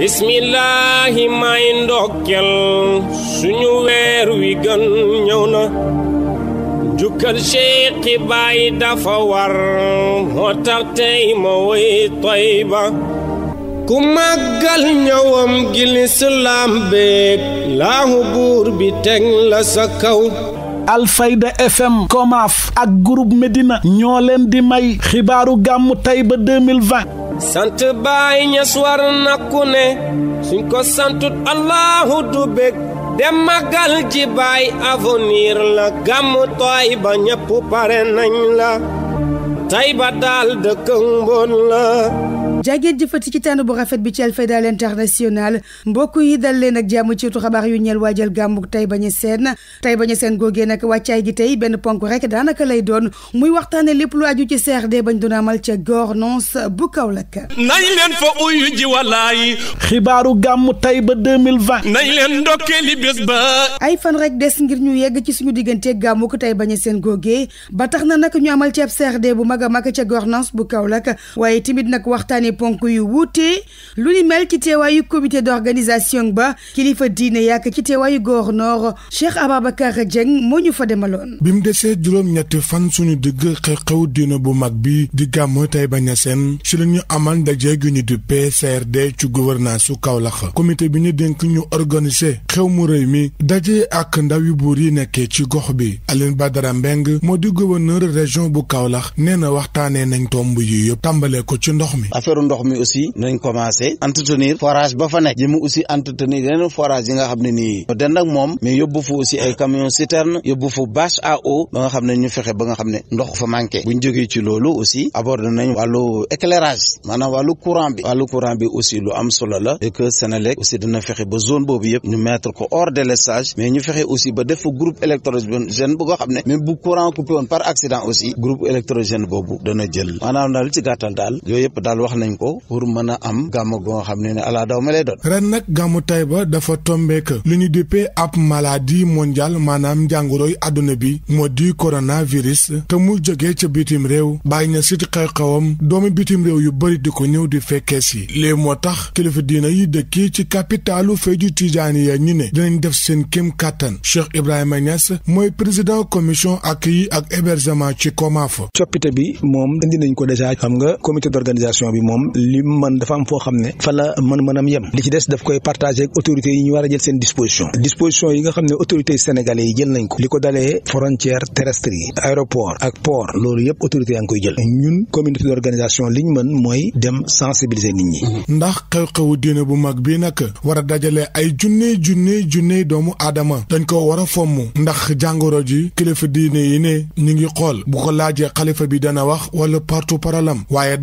bismillaahi may ndokkel suñu weer wi gën ñëw na jukkal Seexi Baay dafa war moo tax tey ma woy Tayba ku màggal ñëwam gi lislaam laahu buur bi teg la sa kaw Alfayda FM Komaaf ak groupe Medina ñoo leen di may xibaaru gàmmu Tayba 2020 sant baay ñas war na ne suñ ko santut allahu du bég dem magal ji baay avenir la gàmmu tooy ba ñépp pare nañu la tey ba daal dëkk mbon la jagéen jëfati ci tànn bu rafet bi ci Alfayda international mbokk yi dal leen ak jàmm ci xabaar yu ñeel waajal gàmmu Taïba Niassène Taïba Niassène googee nag wàccaay gi tey benn ponk rek daanaka lay doon muy waxtaane lépp lu aju ci CRD bañ doon amal ca gouvernance bu Kaolack nañ leen fa uyu ji walaay xibaaru gàmmu ba Taïba 2020 nañ leen ndokkee li bés ba ay fan rek des ngir ñu yegg ci suñu tey bañ a seen googee ba tax na nag ñu amal ci ab CRD bu mag a mag ca gouvernance bu kaw Kaolack waaye timit nag waxtaane juróomi ponk yu wuute lu mel ci teewaayu comité d'organisation ba kilifa diine yàkk ci teewaayu gouverneur Cheikh Ababakar Dieng moo ñu fa demaloon. Bim mu desee juróom-ñetti fan suñu digg xew de diine bu mag bi di gàmm Taïba Niassène si la ñu amal ndaje gu ñu di PCRD ci gouvernance su comité bi ñu dénk ñu organiser xew mu rëy mi daje ak ndaw yu buur ci bi Badara gouverneur région bu Kaolack nee na waxtaanee nañ tomb yu, yëpp ko ci mi affaire ndox mi aussi nañ commencé entretenir forage ba fa nek jëm aussi entretenir yeneen forage yi nga xam ni den nak mom mais yóbbu fu aussi ay camion citerne yóbbu fu bâche à eau ba nga xam ñu fexé ba nga xam ne ndox fa manqué buñ joggé ci lolu aussi abordé nañ walu éclairage manam walu courant bi walu courant bi aussi lu am solo la et que Sénélec aussi dina fexé ba zone bobu yépp ñu mettre ko hors de délestage mais ñu fexé aussi ba def groupe électrogène bu nga xam même bu courant coupé woon par accident aussi groupe électrogène bobu dana jël manam dal ci gàttal daal yooyu yëpp wax nañ nañ ko pour mën a am gàmm goo xam ne ne alaa daw ma lay doon ren nag gàmmu ba dafa tombeek li ñu dippee ab maladie mondiale maanaam njàngoroy àdduna bi moo di coronavirus te mu jógee ca bitim réew bàyyi na sit xew-xewam doomi bitim réew yu bëri di ko ñëw di fekkee si lii moo tax kilifa diina yi dëkki ci capitalu Faydu Tijaani ya ñu ne dinañ def seen kéem kàttan Cheikh Ibrahima Niass mooy président commission accueil ak hébergement ci COMAF coppite bi moom indi nañ ko dèjà xam moom li mu mën dafa am foo xam ne fa la mën-mënam yem li ci des daf koy partagé ak autorités yi ñu war a jël seen disposition disposition yi nga xam ne autorités sénégalais yi jël nañ ko li ko dalee frontière terrestre aéroport ak port loolu yëpp autorités yaa ngi koy jël ñun communauté d'organisation li ñu mën mooy dem sensibiliser nit ñi ndax xew-xewu diine bu mag bii nag war a dajale ay junne junne junne doomu aadama dañ ko war a fomm ndax jàngoro ji kilifa diine yi ne ñu ngi xool bu ko xalifa bi dana wax wala partout paralam waaye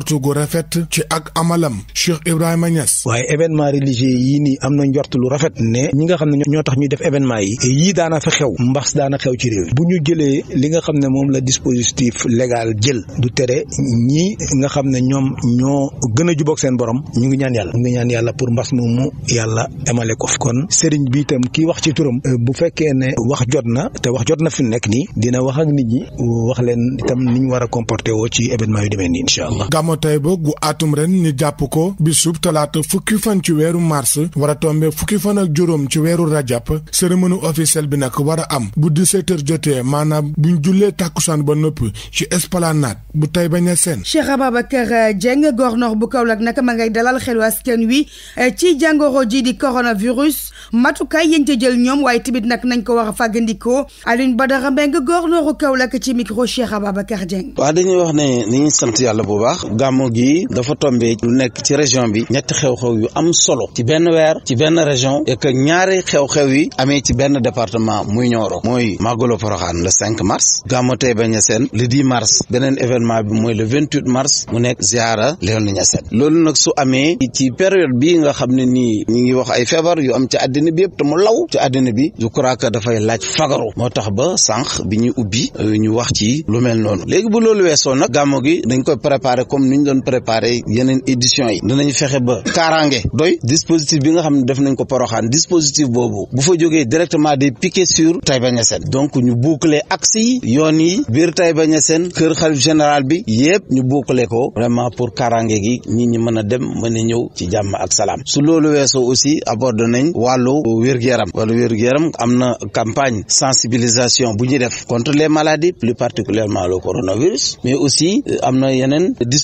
njortu gu rafet ci ak amalam Cheikh Ibrahima Niass. waaye événement religieux yii nii am na njort lu rafet ne ñi nga xam ne ñoo tax ñuy def événement yi yii daana fa xew mbax daana xew ci réew bu ñu jëlee li nga xam ne moom la dispositif légal jël du tere ñi nga xam ne ñoom ñoo gën a jubook seen borom ñu ngi ñaan yàlla ñu ngi ñaan yàlla pour mbas moomu yàlla emale ko fi kon seriñ bi itam kii wax ci turam euh, bu fekkee ne wax jot na te wax jot na fi nekk nii dina wax ak nit ñi wax leen itam ni ñu war a comporter woo ci événement yu demee gàmmu Tayba gu atum ren ñi jàpp ko bisub talaata fukki fan ci weeru mars war a tombe fukki fan ak juróom ci weeru rajab cérémonie officielle bi nag war a am bu 17 heures jotee maanaam buñ jullee tàkkusaan ba noppi ci esplanade bu Tayba ba Cheikh Ababacar Dieng gornoor bu Kaolack naka ma ngay dalal xelu askan wi eh, ci jàngoro ji di coronavirus matukaay yéen ca jël ñoom waaye tamit nag nañ ko war a fàggandikoo Alioune Badara Mbengue gornooru Kaolack ci micro Cheikh Ababacar Dieng waaw dañuy wax ne ni ñu a yàlla bu Gamogi, gi dafa tombé lu nekk ci région bi ñetti xew-xew yu am solo ci ben wèr ci ben région et que ñaari xew-xew yi amé ci ben département muy ñoro moy magolo Porokhane le 5 mars Gamote Taïba Niassène le 10 mars Benen événement bi moy le 28 mars mu nek ziara Léona Niassène loolu nak su amé ci période bi nga xamné ni ñi ngi wax ay feebar yu am ci adina bi yépp te mu law ci adina bi je crois que fay laaj fagaru motax ba sank bi ñu ubbi euh, ñu wax ci lu mel non légui bu loolu wesso nak gàmmu gi dañ koy préparer comme ni ñu doon préparé yeneen édition yi dinañ fexe ba kaaraange doy dispositif bi nga xam ne def nañ ko poroxaan dispositif boobu bu fa jógee directement des piquets sur Taïba Niassène donc ñu boucler axe yi yoon yi biir Taïba Niassène kër xalif général bi yëpp ñu boucler ko vraiment pour kaaraange gi nit ñi mën a dem mën a ñëw ci jàmm ak salaam su loolu weesoo aussi abordé nañ wàllu wér-gu-yaram wàllu wér-gu-yaram am na campagne sensibilisation bu ñuy def contre les maladies plus particulièrement le coronavirus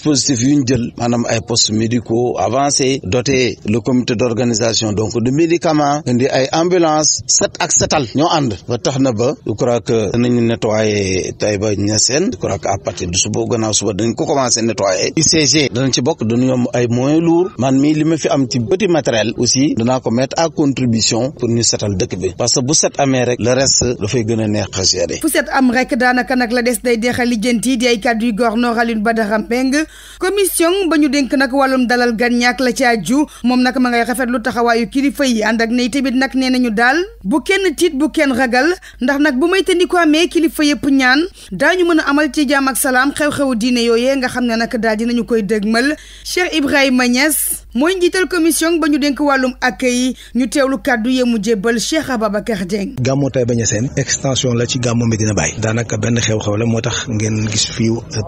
dispositifs yuñ ñu jël maanaam ay poste médicaux avancés doté le comité d'organisation donc de médicaments indi ay ambulances set ak setal ñoo and ba tax na ba je crois que danañu nettoyer Taïba Niassène je crois que à partir du suba gannaaw suba dañ ko commencé nettoyer UCG dañ ci bok dañu ñom ay moyens lourd man mi li ma fi am ci petit matériel aussi danaa ko mettre à contribution pour ñu setal dëkk bi parce que bu set amee rek le reste dafay fay gëna neex a bu set am rek daanaka nak la dess day deexal lijjanti di ay cadre yu gornoor Alioune Badara Mbengue commission bañu denk nak walum dalal ganyak la ci aju mom nak ma ngay lu taxawayu kilifa yi and ak ne tamit nak nenañu dal bu kenn tit bu kenn ragal ndax nak bu may ko amé kilifa punyan ñaan dañu mëna amal ci jàmm ak salam xew xew diine yoyé nga xamné nak dal dinañu koy deggmal Cheikh Ibrahima Niass moy njital commission bañu denk walum akay ñu tewlu kaddu yee mu jébbal Cheikh Ababacar Dieng tay baña sen extension la ci gamu Medina bay daanaka ben xew-xew la motax ngeen gis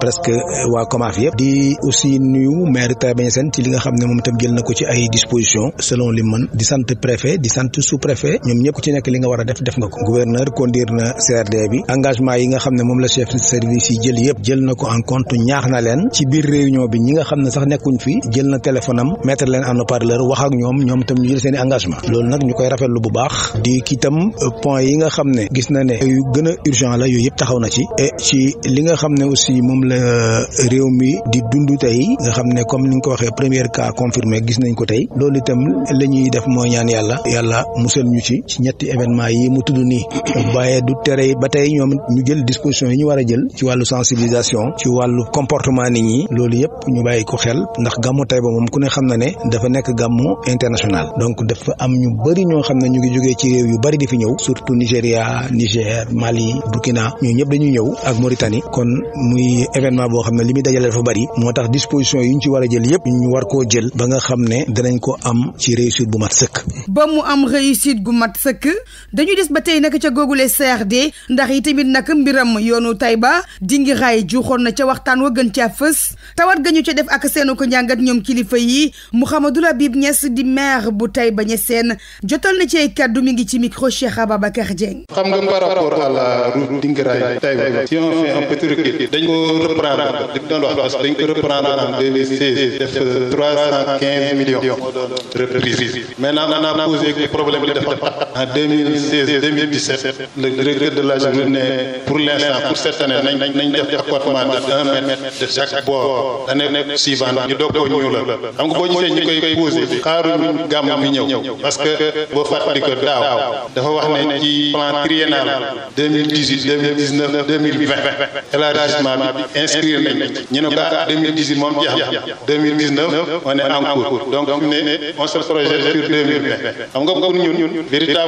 presque wa Komaf di di aussi nuyu maire Taïba Niassène seen ci li nga xam ne moom itam jël na ko ci ay disposition selon li mën di sant préfet di sant sous préfet ñoom ñëpp ci nekk li nga war a def def nga ko gouverneur conduire na CRD bi engagement yi nga xam ne moom la chef service yi jël yëpp jël na ko en compte ñaax na leen ci biir réunion bi ñi nga xam ne sax nekkuñ fi jël na téléphone am leen en haut-parleur wax ak ñoom ñoom itam ñu jël seen engagement loolu nag ñu koy rafetlu euh, a dund tey nga xam ne comme ni nga ko waxee premier cas confirmé gis nañ ko tey loolu itam la ñuy def mooy ñaan yàlla yàlla musal ñu ci ci ñetti événement yi mu tudd nii waaye du tere ba tey ñoom ñu jël disposition yi ñu war a jël ci wàllu sensibilisation ci wàllu nit ñi loolu yëpp ñu bàyyi ko xel ndax gàmmu tey moom ku ne xam na ne dafa nekk gàmmu international donc dafa am ñu bëri ñoo xam ne ñu ngi jógee ci réew yu bëri di fi ñëw surtout Nigéria Niger Mali Burkina ñoo ñëpp dañuy ñëw ak Mauritanie kon muy événement boo xam ne li muy dajale dafa bëri moo disposition yi ñu ci war jël yépp ñu war koo jël ba nga xam ne danañ ko am ci réussite bu mat sëkk ba mu am réussite gu mat sëkk dañu des ba tey nag ca googule CRD ndax yi tamit nag mbiram yoonu Taïba dingi raay juuxoon na ca waxtaan wa gën caa fës tawat gañu ca def ak seenu ko njàngat ñoom kilifa yi Mouhamadou Labib Niass di maire bu Taïba Niassène jotal na ci kaddu mi ngi ci micro Cheikh xam nga par rapport à la route dingi si on fait un petit recul dañ ko reprendre dañ ko reprendre en 2016, 315 millions de reprises. Maintenant, on a posé le problème de en 2016-2017 le gré de la journée pour l'instant, pour cette année n'a pas de un mètre de chaque bord année suivante ñu doog koo ñuulal Donc, nga boo gisee koy posé xaaruñu gamme mi parce que vous faites des daaw dafa wax ne ci plan triennal 2018 2019 2020 Elle a inscrire inspiré, ñu ne 2018 2019 ah, on est en cours donc on se projette sur 2020 xam nga pour ñun véritable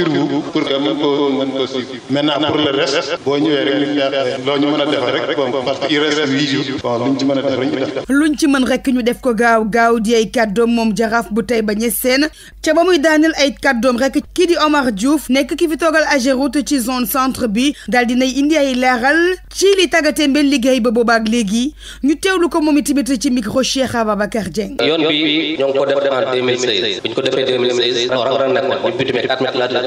firwu pour que mën ko mën ko suivre maintenant pour le reste boo ñëwee rek ñu fexe loo ñu a def rek bon parce luñ ci mën a def rek ñu def ko gaaw gaaw di ay kàddoom moom jaraaf bu tey ba ñeseen ca ba muy daaneel ay kàddoom rek kii di Omar Diouf nekk ki fi toogal Ageroute ci zone centre bi daal dinay indi ay leeral ci li tàggatee mbel liggéey ba boobaak léegi ñu teewlu ko moom itamit ci micro Cheikh Ababacar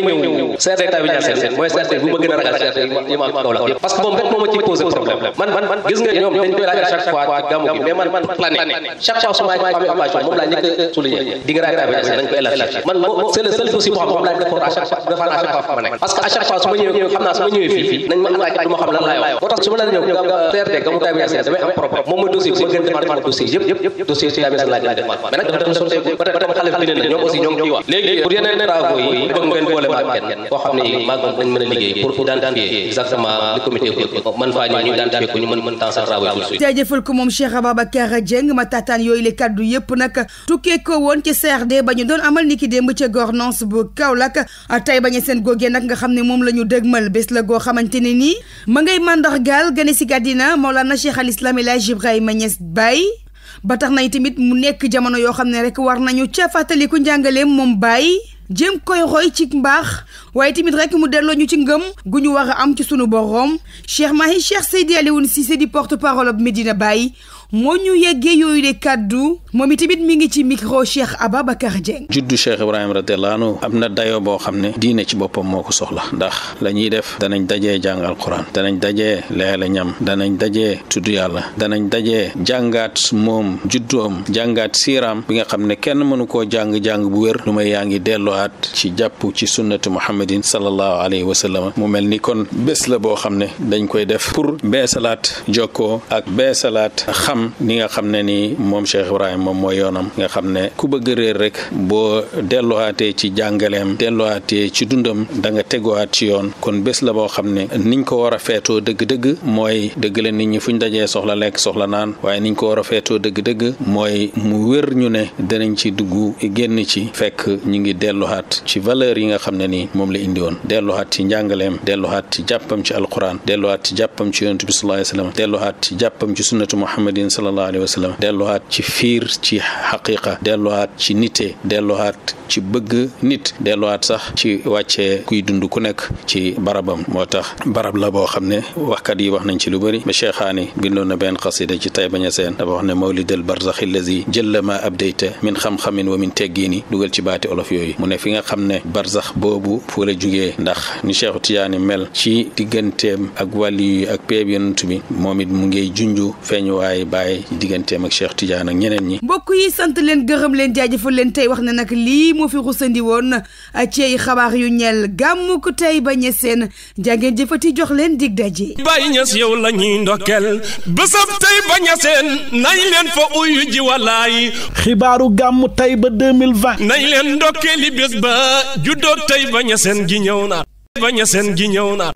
may ñëw seet tabi ñaar seet mooy seet bu ma gën a ragal seet yi ma am Kaolack parce que moom rek moo ma ci posé problème man man gis nga ñoom dañ koy laaj chaque fois gàmmu gi mais man man plané chaque fois su ma amee occasion moom laa njëkk a souligné di nga raay tabi ñaar seet dañ koy élargi man c'est le seul souci boo xam moom laa defoon à chaque fois defal à chaque fois fu ma nekk parce que à chaque fois su ma ñëwee xam naa su ma ñëwee fii nañ ma laaj ma xam lan laay wax moo tax su ma la ñëw terte gàmmu tabi ñaar seet damay am problème moom mooy dossier su ma gën defal dossier yëpp yëpp dossier su tabi ñaar seet laaj laaj defal mais nag dafa dafa sottee peut-être dama xale bi ne ñoom aussi ñoo ngi ciy wax léegi pour yeneen travaux yi bëgg ngeen boole ma ak kenn koo xam ne maa ngi mën a liggéey pour identifier exactement li comité ko man ko ñu mën mën temps sa travail suuf jaajëfal ko moom ma taataan yooyu le kaddu yëpp nag tukkee ko woon ci CRD ba ñu doon amal ni niki démb ca gouvernance bu Kaolack tey bañe seen góogee nag nga xam ne moom la ñu dëgmal bés la goo xamante ne nii ma ngay gaal gane si gàddina Mawlana Cheikh al Islam El Hadj Ibrahima Niass Baye ba tax na tamit mu nekk jamono yoo xam ne rek war nañu ca fàttaliku njàngaleem moom Baye jéem koy roy ci mbaax waaye tamit rek mu delloo ñu ci ngëm gu ñu war a am ci sunu borom Cheikh Mahi Cheikh Seydi Alioune Cissé di porte parole ab Medina bàyyi moñu ñu yoy yooyu de kaddu moom itamit mi ngi ci micro cheikh ababakar dieng juddu cheikh ibrahim radhiyallahu amna dayo bo xam ne diine ci bopam moko soxla ndax lañuy def danañ dajé jang alquran danañ dajé leele ñam danañ dajé tuddu yalla danañ dajé jangat mom juddoom jangat siram bi nga xam kenn mënu ko jang jang bu wër numay yaangi yaa at ci japp ci sunnatu muhammadin sallallahu alayhi wa sallam mu melni kon bes la bo xam dañ koy def pour besalat joko, ak besalat xam xam ni nga xam ne ni moom Cheikh Ibrahima moom mooy yoonam nga xam ne ku bëgg réer rek boo delluwaatee ci jàngaleem delluwaatee ci dundam da nga teguwaat ci yoon kon bés la boo xam ne niñ ko war a feetoo dëgg-dëgg mooy dëgg la nit ñi fuñ dajee soxla lekk soxla naan waaye niñ ko war a feetoo dëgg-dëgg mooy mu wér ñu ne danañ ci dugg génn ci fekk ñu ngi delluwaat ci valeur yi nga xam ne ni moom la indi woon delluwaat ci njàngaleem delluwaat ci jàppam ci alquran delluwaat sallallahu alayhi wa sallam delluwaat ci fiir ci xaqiqa delluwaat ci nite delluwaat ci bëgg nit delluwaat sax ci wàccee kuy dund ku nekk ci barabam moo tax barab la boo xam ne waxkat yi wax nañ ci lu bëri ba cheikhaani bindoon na benn xasida ci Tayba Ñaseen dafa wax ne mawlidal barzaxi lazi jëlla ma abdayta min xam-xamin wa min teggiini dugal ci baati olof yooyu mu ne fi nga xam ne barzax boobu fu la jugee ndax ni Cheikhu Tijaani mel ci digganteem ak wàlli yi ak péeb Ablaye digganteem ak Cheikh Tidiane ak ñeneen ñi. mbokk yi sant leen gërëm leen jaajëfal leen tey wax na nag lii moo fi rusandi woon ci ay xabaar yu ñeel gàmm ko tey ba ñeseen jàngeen jëfati jox leen dig daje. Baye Niass yow la ñuy ndokkel bésab tey ba ñeseen nañ leen fa uyu ji walaay. xibaaru gàmm tey ba 2020. nañ leen ndokkeeli bés ba juddoog tey ba ñeseen gi ñëw na. ba ñeseen gi ñëw na.